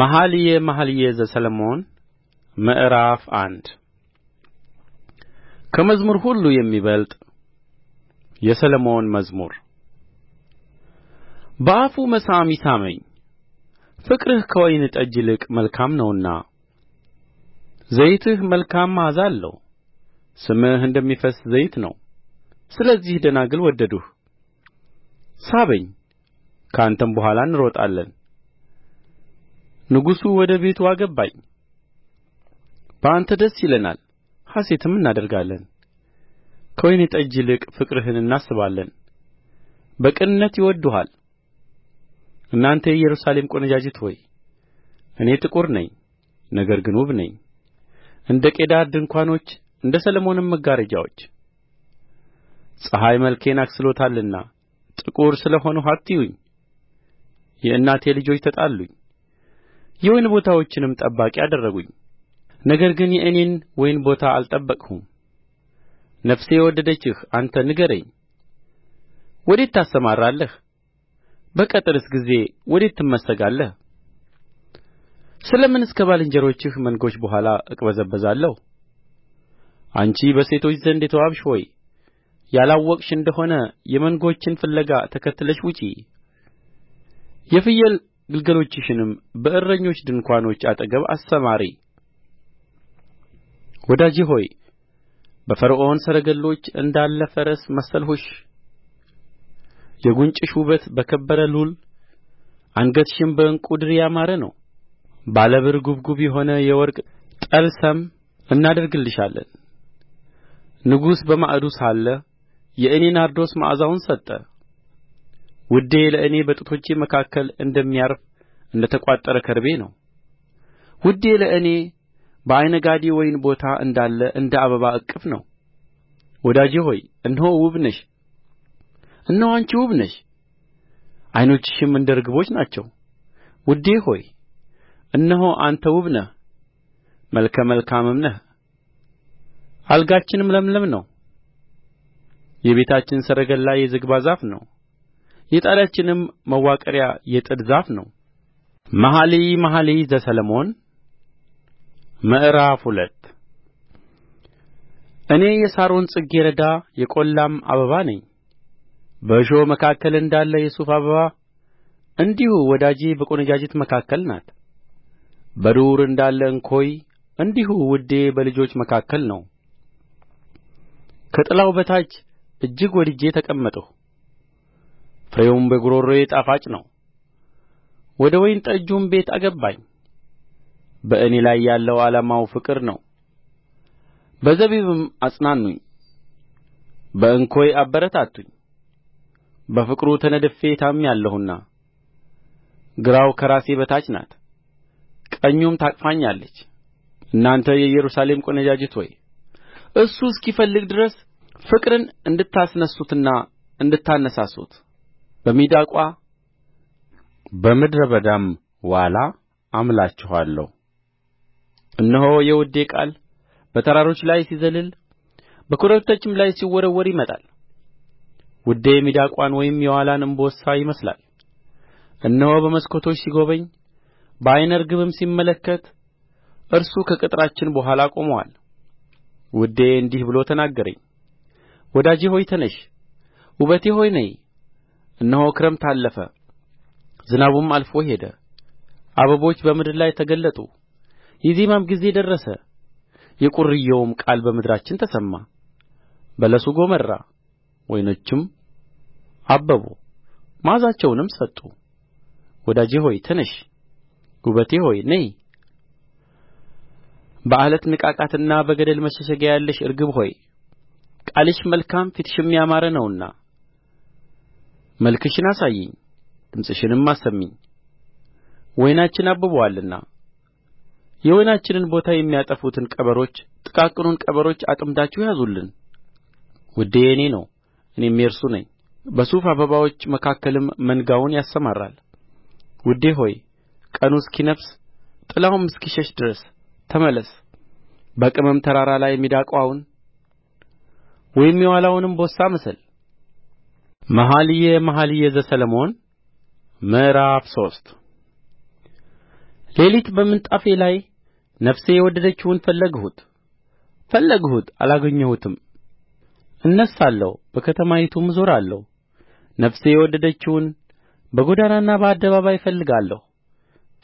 መኃልየ መኃልይ ዘሰሎሞን ምዕራፍ አንድ ከመዝሙር ሁሉ የሚበልጥ የሰሎሞን መዝሙር በአፉ መሳም ይሳመኝ ፍቅርህ ከወይን ጠጅ ይልቅ መልካም ነውና ዘይትህ መልካም መዓዛ አለው ስምህ እንደሚፈስስ ዘይት ነው ስለዚህ ደናግል ወደዱህ ሳበኝ ከአንተም በኋላ እንሮጣለን ንጉሡ ወደ ቤቱ አገባኝ በአንተ ደስ ይለናል ሐሤትም እናደርጋለን ከወይን ጠጅ ይልቅ ፍቅርህን እናስባለን በቅንነት ይወድዱሃል እናንተ የኢየሩሳሌም ቈነጃጅት ሆይ እኔ ጥቁር ነኝ ነገር ግን ውብ ነኝ እንደ ቄዳር ድንኳኖች እንደ ሰሎሞንም መጋረጃዎች ፀሐይ መልኬን አክስሎታልና ጥቁር ስለ ሆንሁ አትዩኝ የእናቴ ልጆች ተጣሉኝ የወይን ቦታዎችንም ጠባቂ አደረጉኝ ነገር ግን የእኔን ወይን ቦታ አልጠበቅሁም ነፍሴ የወደደችህ አንተ ንገረኝ ወዴት ታሰማራለህ በቅትርስ ጊዜ ወዴት ትመስጋለህ ስለ ምንስ ከባልንጀሮችህ መንጎች በኋላ እቅበዘበዛለሁ አንቺ በሴቶች ዘንድ የተዋብሽ ሆይ ያላወቅሽ እንደ ሆነ የመንጎችን ፍለጋ ተከትለሽ ውጪ የፍየል ግልገሎችሽንም በእረኞች ድንኳኖች አጠገብ አሰማሪ ወዳጄ ሆይ በፈርዖን ሰረገሎች እንዳለ ፈረስ መሰልሁሽ የጕንጭሽ ውበት በከበረ ሉል አንገትሽም በዕንቍ ድሪ ያማረ ነው ባለ ብር ጕብጕብ የሆነ የወርቅ ጠልሰም እናደርግልሻለን ንጉሥ በማዕዱ ሳለ የእኔ ናርዶስ መዓዛውን ሰጠ ውዴ ለእኔ በጡቶቼ መካከል እንደሚያርፍ እንደ ተቋጠረ ከርቤ ነው ውዴ ለእኔ በዓይንጋዲ ወይን ቦታ እንዳለ እንደ አበባ እቅፍ ነው ወዳጄ ሆይ እነሆ ውብ ነሽ እነሆ አንቺ ውብ ነሽ ዓይኖችሽም እንደ ርግቦች ናቸው ውዴ ሆይ እነሆ አንተ ውብ ነህ መልከ መልካምም ነህ አልጋችንም ለምለም ነው የቤታችን ሰረገላ የዝግባ ዛፍ ነው የጣሪያችንም መዋቅሪያ የጥድ ዛፍ ነው መኃልየ መኃልይ ዘሰሎሞን ምዕራፍ ሁለት እኔ የሳሮን ጽጌ ረዳ የቈላም አበባ ነኝ በእሾህ መካከል እንዳለ የሱፍ አበባ እንዲሁ ወዳጄ በቈነጃጅት መካከል ናት በዱር እንዳለ እንኮይ እንዲሁ ውዴ በልጆች መካከል ነው ከጥላው በታች እጅግ ወድጄ ተቀመጥሁ ፍሬውም በጕሮሮዬ ጣፋጭ ነው ወደ ወይን ጠጁም ቤት አገባኝ በእኔ ላይ ያለው ዓላማው ፍቅር ነው በዘቢብም አጽናኑኝ በእንኮይ አበረታቱኝ በፍቅሩ ተነድፌ ታምሜአለሁና ግራው ከራሴ በታች ናት ቀኙም ታቅፋኛለች እናንተ የኢየሩሳሌም ቈነጃጅት ሆይ እርሱ እስኪፈልግ ድረስ ፍቅርን እንድታስነሱትና እንድታነሳሱት በሚዳቋ በምድረ በዳም ዋላ አምላችኋለሁ እነሆ የውዴ ቃል በተራሮች ላይ ሲዘልል በኮረብቶችም ላይ ሲወረወር ይመጣል ውዴ ሚዳቋን ወይም የዋላን እምቦሳ ይመስላል እነሆ በመስኮቶች ሲጐበኝ በዓይነ ርግብም ሲመለከት እርሱ ከቅጥራችን በኋላ ቆመዋል። ውዴ እንዲህ ብሎ ተናገረኝ ወዳጄ ሆይ ተነሺ ውበቴ ሆይ ነዪ እነሆ ክረምት አለፈ ዝናቡም አልፎ ሄደ አበቦች በምድር ላይ ተገለጡ የዜማም ጊዜ ደረሰ የቊርዬውም ቃል በምድራችን ተሰማ በለሱ ጐመራ ወይኖችም አበቡ መዓዛቸውንም ሰጡ ወዳጄ ሆይ ተነሺ ውበቴ ሆይ ነዪ በዓለት ንቃቃትና በገደል መሸሸጊያ ያለሽ ርግብ ሆይ ቃልሽ መልካም ፊትሽም ያማረ ነውና መልክሽን አሳዪኝ ድምፅሽንም አሰሚኝ ወይናችን አብቦአልና የወይናችንን ቦታ የሚያጠፉትን ቀበሮች ጥቃቅኑን ቀበሮች አጥምዳችሁ ያዙልን ውዴ የእኔ ነው እኔም የእርሱ ነኝ በሱፍ አበባዎች መካከልም መንጋውን ያሰማራል ውዴ ሆይ ቀኑ እስኪነፍስ ጥላውም እስኪሸሽ ድረስ ተመለስ በቅመም ተራራ ላይ ሚዳቋውን ወይም የዋላውን እምቦሳ ምሰል መኃልየ መኃልይ ዘሰሎሞን ምዕራፍ ሶስት ሌሊት በምንጣፌ ላይ ነፍሴ የወደደችውን ፈለግሁት ፈለግሁት አላገኘሁትም እነሣለሁ በከተማይቱም እዞራለሁ ነፍሴ የወደደችውን በጎዳናና በአደባባይ እፈልጋለሁ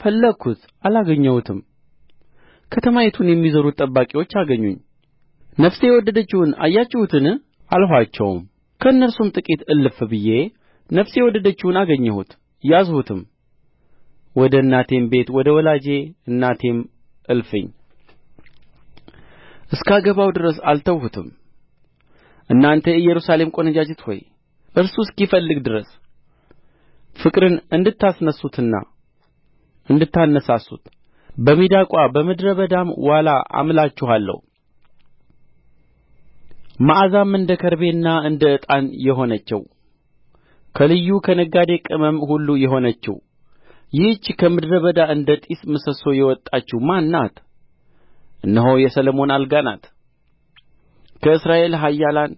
ፈለግሁት አላገኘሁትም ከተማይቱን የሚዞሩት ጠባቂዎች አገኙኝ ነፍሴ የወደደችውን አያችሁትን አልኋቸውም ከእነርሱም ጥቂት እልፍ ብዬ ነፍሴ የወደደችውን አገኘሁት ያዝሁትም ወደ እናቴም ቤት ወደ ወላጅ እናቴም እልፍኝ እስካገባው ድረስ አልተውሁትም እናንተ የኢየሩሳሌም ቈነጃጅት ሆይ እርሱ እስኪፈልግ ድረስ ፍቅርን እንድታስነሡትና እንድታነሣሡት በሚዳቋ በምድረ በዳም ዋላ አምላችኋለሁ መዓዛም እንደ ከርቤና እንደ ዕጣን የሆነችው ከልዩ ከነጋዴ ቅመም ሁሉ የሆነችው ይህች ከምድረ በዳ እንደ ጢስ ምሰሶ የወጣችው ማን ናት? እነሆ የሰሎሞን አልጋ ናት። ከእስራኤል ኃያላን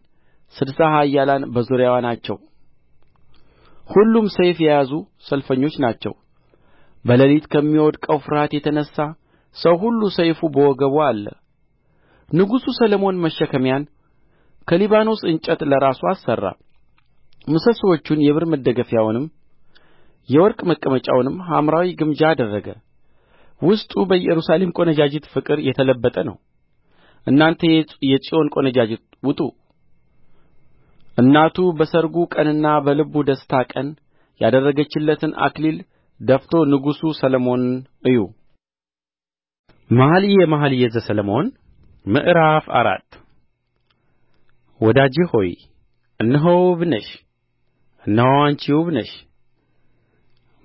ስድሳ ኃያላን በዙሪያዋ ናቸው። ሁሉም ሰይፍ የያዙ ሰልፈኞች ናቸው። በሌሊት ከሚወድቀው ፍርሃት የተነሣ ሰው ሁሉ ሰይፉ በወገቡ አለ። ንጉሡ ሰሎሞን መሸከሚያን ከሊባኖስ እንጨት ለራሱ አሠራ ምሰሶቹን የብር መደገፊያውንም የወርቅ መቀመጫውንም ሐምራዊ ግምጃ አደረገ ውስጡ በኢየሩሳሌም ቈነጃጅት ፍቅር የተለበጠ ነው እናንተ የጽዮን ቈነጃጅት ውጡ እናቱ በሠርጉ ቀንና በልቡ ደስታ ቀን ያደረገችለትን አክሊል ደፍቶ ንጉሡ ሰሎሞንን እዩ መኃልየ መኃልይ ዘሰሎሞን ምዕራፍ አራት ወዳጄ ሆይ እነሆ ውብ ነሽ እነሆ አንቺ ውብ ነሽ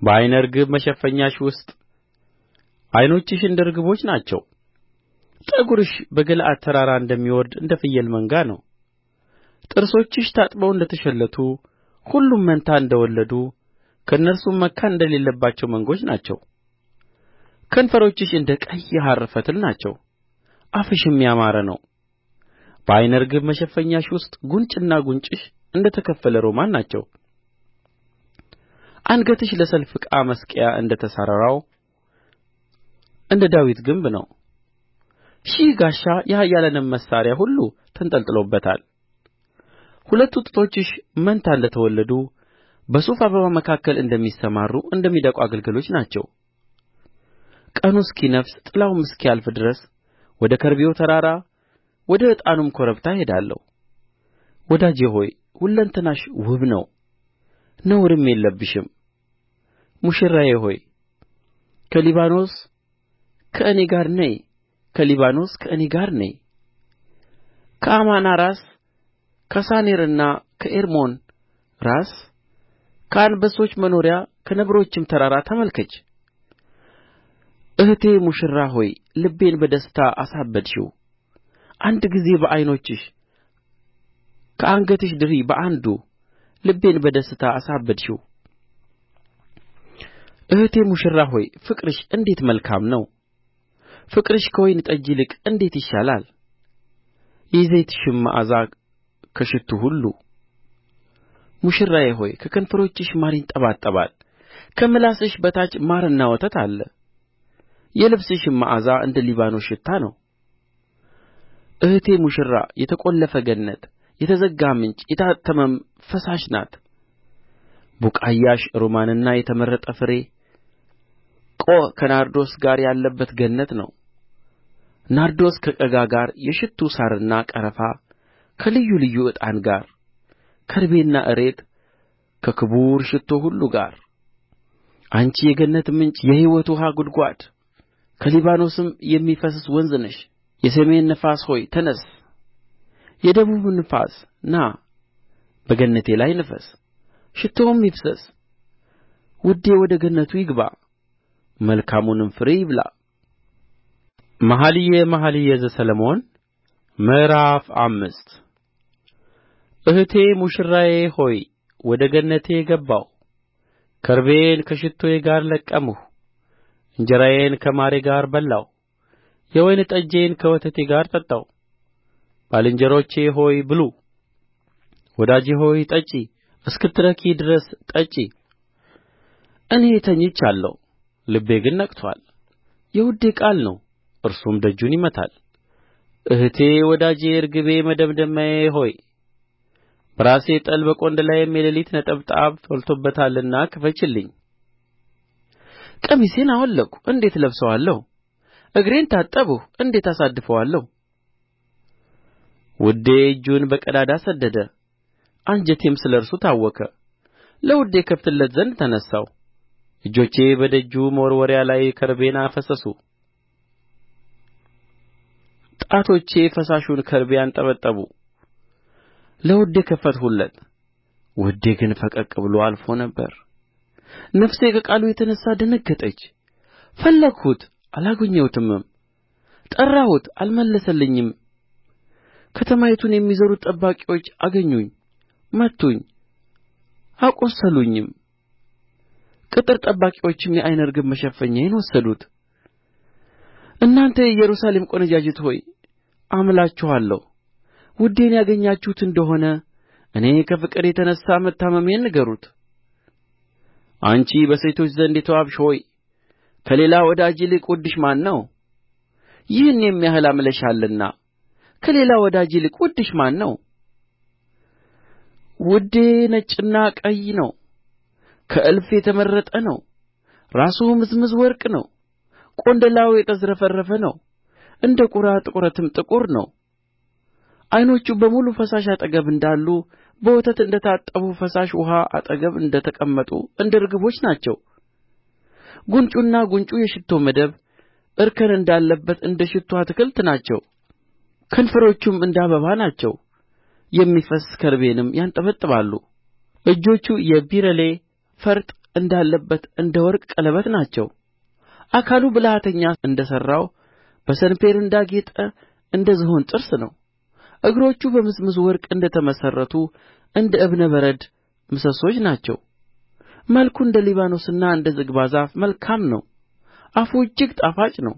በዓይነ ርግብ መሸፈኛሽ ውስጥ ዓይኖችሽ እንደ ርግቦች ናቸው ጠጕርሽ በገለዓድ ተራራ እንደሚወርድ እንደ ፍየል መንጋ ነው ጥርሶችሽ ታጥበው እንደ ተሸለቱ ሁሉም መንታ እንደ ወለዱ ከእነርሱም መካን እንደሌለባቸው መንጎች ናቸው ከንፈሮችሽ እንደ ቀይ ሐር ፈትል ናቸው አፍሽም ያማረ ነው በዓይነ ርግብ መሸፈኛሽ ውስጥ ጕንጭና ጕንጭሽ እንደ ተከፈለ ሮማን ናቸው አንገትሽ ለሰልፍ ዕቃ መስቀያ እንደ ተሠራው እንደ ዳዊት ግንብ ነው ሺህ ጋሻ የኃያላንም መሣሪያ ሁሉ ተንጠልጥሎበታል ሁለቱ ጡቶችሽ መንታ እንደ ተወለዱ በሱፍ አበባ መካከል እንደሚሰማሩ እንደ ሚዳቋ ግልገሎች ናቸው ቀኑ እስኪነፍስ ጥላውም እስኪያልፍ ድረስ ወደ ከርቤው ተራራ ወደ ዕጣኑም ኮረብታ እሄዳለሁ ወዳጄ ሆይ ሁለንተናሽ ውብ ነው ነውርም የለብሽም ሙሽራዬ ሆይ ከሊባኖስ ከእኔ ጋር ነዪ ከሊባኖስ ከእኔ ጋር ነዪ ከአማና ራስ ከሳኔርና ከኤርሞን ራስ ከአንበሶች መኖሪያ ከነብሮችም ተራራ ተመልከች እህቴ ሙሽራ ሆይ ልቤን በደስታ አሳበድሽው አንድ ጊዜ በዓይኖችሽ ከአንገትሽ ድሪ በአንዱ ልቤን በደስታ አሳበድሽው እህቴ ሙሽራ ሆይ ፍቅርሽ እንዴት መልካም ነው ፍቅርሽ ከወይን ጠጅ ይልቅ እንዴት ይሻላል የዘይትሽም መዓዛ ከሽቱ ሁሉ ሙሽራዬ ሆይ ከከንፈሮችሽ ማር ይንጠባጠባል ከምላስሽ በታች ማርና ወተት አለ የልብስሽም መዓዛ እንደ ሊባኖስ ሽታ ነው እኅቴ ሙሽራ የተቈለፈ ገነት የተዘጋ ምንጭ የታተመም ፈሳሽ ናት ቡቃያሽ ሮማንና የተመረጠ ፍሬ ቆዕ ከናርዶስ ጋር ያለበት ገነት ነው ናርዶስ ከቀጋ ጋር የሽቱ ሣርና ቀረፋ ከልዩ ልዩ ዕጣን ጋር ከርቤና እሬት ከክቡር ሽቱ ሁሉ ጋር አንቺ የገነት ምንጭ የሕይወት ውኃ ጕድጓድ ከሊባኖስም የሚፈስስ ወንዝ ነሽ የሰሜን ነፋስ ሆይ ተነሥ የደቡብ ነፋስ ና በገነቴ ላይ ንፈስ ሽቱውም ይፍሰስ ውዴ ወደ ገነቱ ይግባ መልካሙንም ፍሬ ይብላ መኃልየ መኃልይ ዘሰሎሞን ምዕራፍ አምስት እህቴ ሙሽራዬ ሆይ ወደ ገነቴ ገባሁ፣ ከርቤን ከሽቶዬ ጋር ለቀምሁ፣ እንጀራዬን ከማሬ ጋር በላሁ። የወይን ጠጄን ከወተቴ ጋር ጠጣሁ ባልንጀሮቼ ሆይ ብሉ ወዳጄ ሆይ ጠጪ እስክትረኪ ድረስ ጠጪ እኔ ተኝቻለሁ ልቤ ግን ነቅቶአል የውዴ ቃል ነው እርሱም ደጁን ይመታል እህቴ ወዳጄ ርግቤ መደምደሚያዬ ሆይ በራሴ ጠል በቈንዳላዬም የሌሊት ነጠብጣብ ቶልቶበታልና ክፈችልኝ ቀሚሴን አወለቅሁ እንዴት እለብሰዋለሁ እግሬን ታጠብሁ እንዴት አሳድፈዋለሁ ውዴ እጁን በቀዳዳ ሰደደ አንጀቴም ስለ እርሱ ታወከ ለውዴ እከፍትለት ዘንድ ተነሣሁ እጆቼ በደጁ መወርወሪያ ላይ ከርቤን አፈሰሱ ጣቶቼ ፈሳሹን ከርቤ አንጠበጠቡ ለውዴ ከፈትሁለት ውዴ ግን ፈቀቅ ብሎ አልፎ ነበር ነፍሴ ከቃሉ የተነሣ ደነገጠች ፈለግሁት አላገኘሁትም ጠራሁት አልመለሰልኝም ከተማይቱን የሚዞሩት ጠባቂዎች አገኙኝ መቱኝ አቈሰሉኝም ቅጥር ጠባቂዎችም የዓይነ ርግብ መሸፈኛዬን ወሰዱት እናንተ የኢየሩሳሌም ቈነጃጅት ሆይ አምላችኋለሁ ውዴን ያገኛችሁት እንደሆነ እኔ ከፍቅር የተነሣ መታመሜን ንገሩት አንቺ በሴቶች ዘንድ የተዋብሽ ሆይ ከሌላ ወዳጅ ይልቅ ውድሽ ማን ነው ይህን የሚያህል አምለሽናልና ከሌላ ወዳጅ ይልቅ ውድሽ ማን ነው ውዴ ነጭና ቀይ ነው ከእልፍ የተመረጠ ነው ራሱ ምዝምዝ ወርቅ ነው ቈንደላው የተዝረፈረፈ ነው እንደ ቁራ ጥቁረትም ጥቁር ነው ዐይኖቹ በሙሉ ፈሳሽ አጠገብ እንዳሉ በወተት እንደ ታጠቡ ፈሳሽ ውኃ አጠገብ እንደ ተቀመጡ እንደ ርግቦች ናቸው ጕንጩና ጕንጩ የሽቱ መደብ እርከን እንዳለበት እንደ ሽቱ አትክልት ናቸው ከንፈሮቹም እንደ አበባ ናቸው የሚፈስስ ከርቤንም ያንጠበጥባሉ እጆቹ የቢረሌ ፈርጥ እንዳለበት እንደ ወርቅ ቀለበት ናቸው አካሉ ብልሃተኛ እንደ ሠራው በሰንፔር እንዳጌጠ እንደ ዝሆን ጥርስ ነው እግሮቹ በምዝምዝ ወርቅ እንደ ተመሠረቱ እንደ ዕብነ በረድ ምሰሶች ናቸው መልኩ እንደ ሊባኖስና እንደ ዝግባ ዛፍ መልካም ነው አፉ እጅግ ጣፋጭ ነው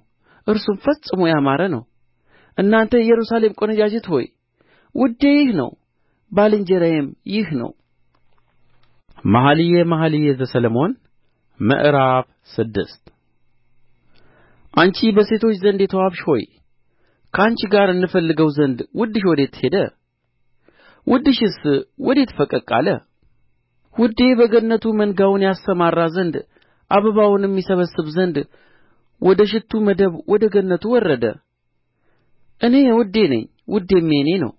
እርሱም ፈጽሞ ያማረ ነው እናንተ የኢየሩሳሌም ቈነጃጅት ሆይ ውዴ ይህ ነው ባልንጀራዬም ይህ ነው መኃልየ መኃልይ ዘሰሎሞን ምዕራፍ ስድስት አንቺ በሴቶች ዘንድ የተዋብሽ ሆይ ከአንቺ ጋር እንፈልገው ዘንድ ውድሽ ወዴት ሄደ ውድሽስ ወዴት ፈቀቅ አለ ውዴ በገነቱ መንጋውን ያሰማራ ዘንድ አበባውንም ይሰበስብ ዘንድ ወደ ሽቱ መደብ ወደ ገነቱ ወረደ እኔ የውዴ ነኝ ውዴም የእኔ ነው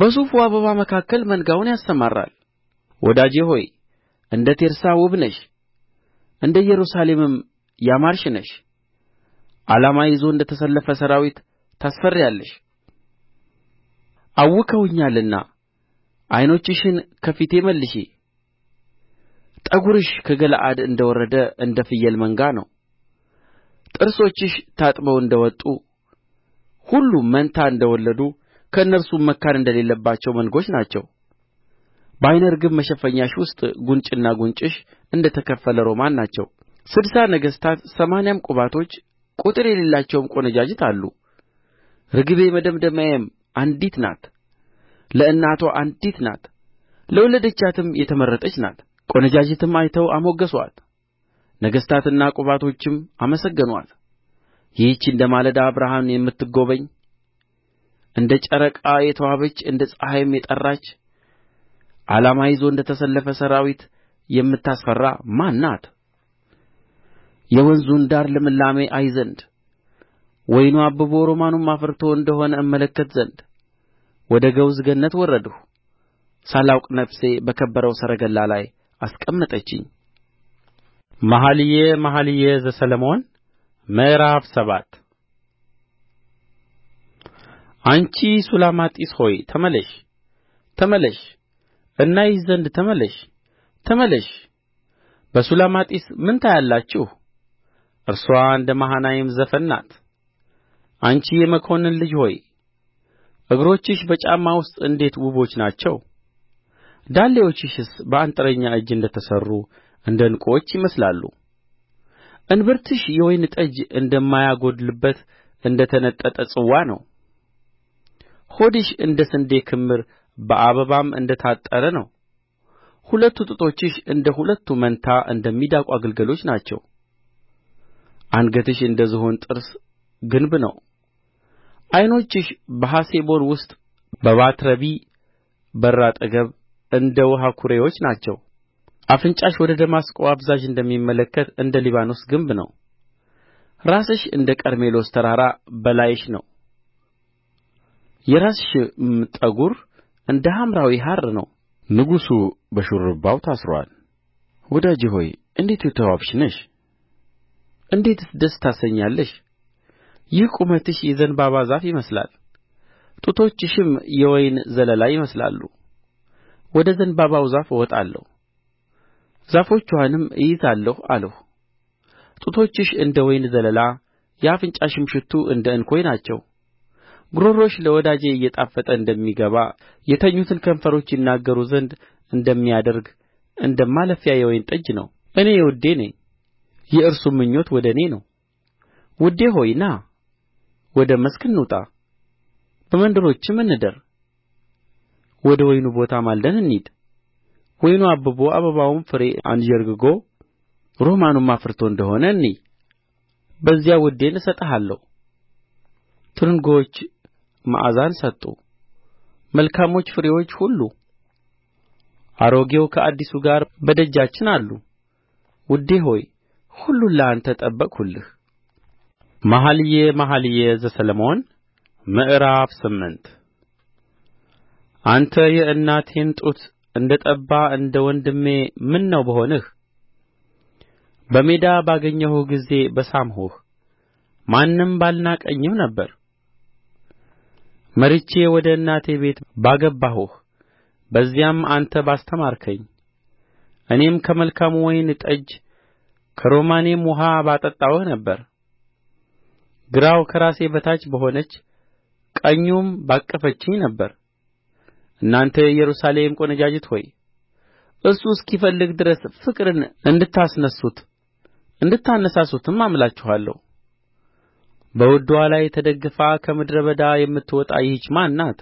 በሱፉ አበባ መካከል መንጋውን ያሰማራል ወዳጄ ሆይ እንደ ቴርሳ ውብ ነሽ እንደ ኢየሩሳሌምም ያማርሽ ነሽ ዓላማ ይዞ እንደ ተሰለፈ ሠራዊት ታስፈሪያለሽ አውከውኛልና ዓይኖችሽን ከፊቴ መልሺ ጠጕርሽ ከገለዓድ እንደ ወረደ እንደ ፍየል መንጋ ነው ጥርሶችሽ ታጥበው እንደ ወጡ ሁሉ መንታ እንደ ወለዱ ከእነርሱም መካን እንደሌለባቸው መንጎች ናቸው በዓይነ ርግብ መሸፈኛሽ ውስጥ ጕንጭና ጕንጭሽ እንደ ተከፈለ ሮማን ናቸው ስድሳ ነገሥታት ሰማንያም ቁባቶች ቍጥር የሌላቸውም ቈነጃጅት አሉ ርግቤ መደምደሚያዬም አንዲት ናት ለእናትዋ አንዲት ናት ለወለደቻትም የተመረጠች ናት ቈነጃጅትም አይተው አሞገሱአት ነገሥታትና ቍባቶችም አመሰገኑአት ይህች እንደ ማለዳ ብርሃን የምትጐበኝ እንደ ጨረቃ የተዋበች እንደ ፀሐይም የጠራች ዓላማ ይዞ እንደ ተሰለፈ ሠራዊት የምታስፈራ ማን ናት የወንዙን ዳር ልምላሜ አይ ዘንድ ወይኑ አብቦ ሮማኑም አፍርቶ እንደ ሆነ እመለከት ዘንድ ወደ ገውዝ ገነት ወረድሁ ሳላውቅ ነፍሴ በከበረው ሰረገላ ላይ አስቀመጠችኝ መኃልየ መኃልይ ዘሰሎሞን ምዕራፍ ሰባት አንቺ ሱላማጢስ ሆይ ተመለሽ ተመለሽ እናይሽ ዘንድ ተመለሽ ተመለሽ በሱላማጢስ ምን ታያላችሁ? እርሷ እንደ መሃናይም ዘፈን ናት። አንቺ የመኰንን ልጅ ሆይ እግሮችሽ በጫማ ውስጥ እንዴት ውቦች ናቸው ዳሌዎችሽስ በአንጥረኛ እጅ እንደ ተሠሩ እንደ ዕንቍዎች ይመስላሉ እንብርትሽ የወይን ጠጅ እንደማያጎድልበት እንደ ተነጠጠ ጽዋ ነው ሆድሽ እንደ ስንዴ ክምር በአበባም እንደ ታጠረ ነው ሁለቱ ጡቶችሽ እንደ ሁለቱ መንታ እንደ ሚዳቋ ግልገሎች ናቸው አንገትሽ እንደ ዝሆን ጥርስ ግንብ ነው ዓይኖችሽ በሐሴቦን ውስጥ በባትረቢ በር አጠገብ እንደ ውኃ ኵሬዎች ናቸው አፍንጫሽ ወደ ደማስቆ አፋዛዥ እንደሚመለከት እንደ ሊባኖስ ግንብ ነው ራስሽ እንደ ቀርሜሎስ ተራራ በላይሽ ነው የራስሽም ጠጕር እንደ ሐምራዊ ሐር ነው ንጉሡ በሹርባው ታስሮአል ወዳጄ ሆይ እንዴት የተዋብሽ ነሽ እንዴትስ ደስ ታሰኛለሽ ይህ ቁመትሽ የዘንባባ ዛፍ ይመስላል ጡቶችሽም የወይን ዘለላ ይመስላሉ ወደ ዘንባባው ዛፍ እወጣለሁ ዛፎችዋንም እይዛለሁ አልሁ ጡቶችሽ እንደ ወይን ዘለላ የአፍንጫሽም ሽቱ እንደ እንኮይ ናቸው ጕሮሮሽ ለወዳጄ እየጣፈጠ እንደሚገባ የተኙትን ከንፈሮች ይናገሩ ዘንድ እንደሚያደርግ እንደ ማለፊያ የወይን ጠጅ ነው እኔ የውዴ ነኝ የእርሱም ምኞት ወደ እኔ ነው ውዴ ሆይ ና ወደ መስክ እንውጣ በመንደሮችም እንደር ወደ ወይኑ ቦታ ማልደን እንሂድ ወይኑ አብቦ አበባውም ፍሬ አንዠርግጎ ሮማኑም አፍርቶ እንደ ሆነ እንይ በዚያ ውዴን እሰጥሃለሁ ትርንጎዎች መዓዛን ሰጡ መልካሞች ፍሬዎች ሁሉ አሮጌው ከአዲሱ ጋር በደጃችን አሉ ውዴ ሆይ ሁሉን ለአንተ ጠበቅሁልህ መኃልየ መኃልይ ዘሰሎሞን ምዕራፍ ስምንት አንተ የእናቴን ጡት እንደ ጠባ እንደ ወንድሜ ምነው በሆንህ በሜዳ ባገኘሁህ ጊዜ በሳምሁህ ማንም ባልናቀኝም ነበር መርቼ ወደ እናቴ ቤት ባገባሁህ በዚያም አንተ ባስተማርከኝ እኔም ከመልካሙ ወይን ጠጅ ከሮማኔም ውኃ ባጠጣሁህ ነበር ግራው ከራሴ በታች በሆነች ቀኙም ባቀፈችኝ ነበር እናንተ የኢየሩሳሌም ቈነጃጅት ሆይ እርሱ እስኪፈልግ ድረስ ፍቅርን እንድታስነሱት እንድታነሳሱትም አምላችኋለሁ በውድዋ ላይ ተደግፋ ከምድረ በዳ የምትወጣ ይህች ማን ናት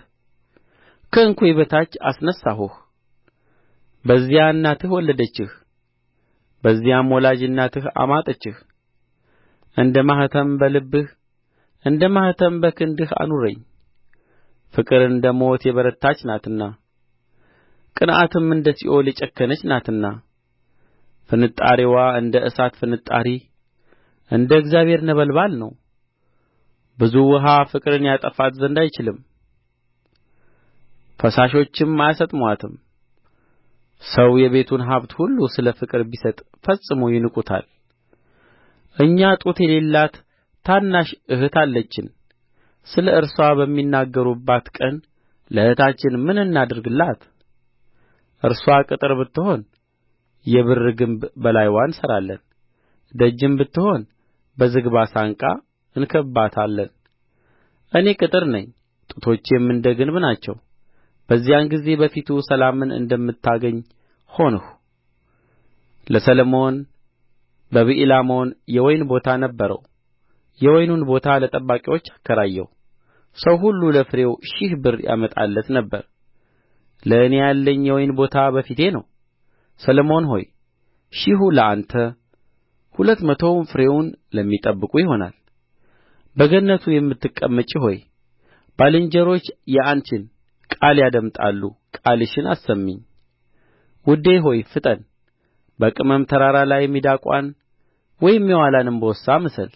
ከእንኮይ በታች አስነሣሁህ በዚያ እናትህ ወለደችህ በዚያም ወላጅ እናትህ አማጠችህ እንደ ማኅተም በልብህ እንደ ማኅተም በክንድህ አኑረኝ ፍቅር እንደ ሞት የበረታች ናትና ቅንዓትም እንደ ሲኦል የጨከነች ናትና ፍንጣሪዋ እንደ እሳት ፍንጣሪ እንደ እግዚአብሔር ነበልባል ነው ብዙ ውኃ ፍቅርን ያጠፋት ዘንድ አይችልም ፈሳሾችም አያሰጥሙአትም ሰው የቤቱን ሀብት ሁሉ ስለ ፍቅር ቢሰጥ ፈጽሞ ይንቁታል እኛ ጡት የሌላት ታናሽ እህት አለችን ስለ እርስዋ በሚናገሩባት ቀን ለእህታችን ምን እናድርግላት እርስዋ ቅጥር ብትሆን የብር ግንብ በላይዋ እንሠራለን ደጅም ብትሆን በዝግባ ሳንቃ እንከብባታለን እኔ ቅጥር ነኝ ጡቶቼም እንደ ግንብ ናቸው በዚያን ጊዜ በፊቱ ሰላምን እንደምታገኝ ሆንሁ ለሰሎሞን በብኤላሞን የወይን ቦታ ነበረው የወይኑን ቦታ ለጠባቂዎች አከራየው ሰው ሁሉ ለፍሬው ሺህ ብር ያመጣለት ነበር ለእኔ ያለኝ የወይን ቦታ በፊቴ ነው ሰሎሞን ሆይ ሺሁ ለአንተ ሁለት መቶውም ፍሬውን ለሚጠብቁ ይሆናል በገነቱ የምትቀመጪ ሆይ ባልንጀሮች የአንቺን ቃል ያደምጣሉ ቃልሽን አሰሚኝ ውዴ ሆይ ፍጠን በቅመም ተራራ ላይ ሚዳቋን ወይም የዋላን እምቦሳ ምስል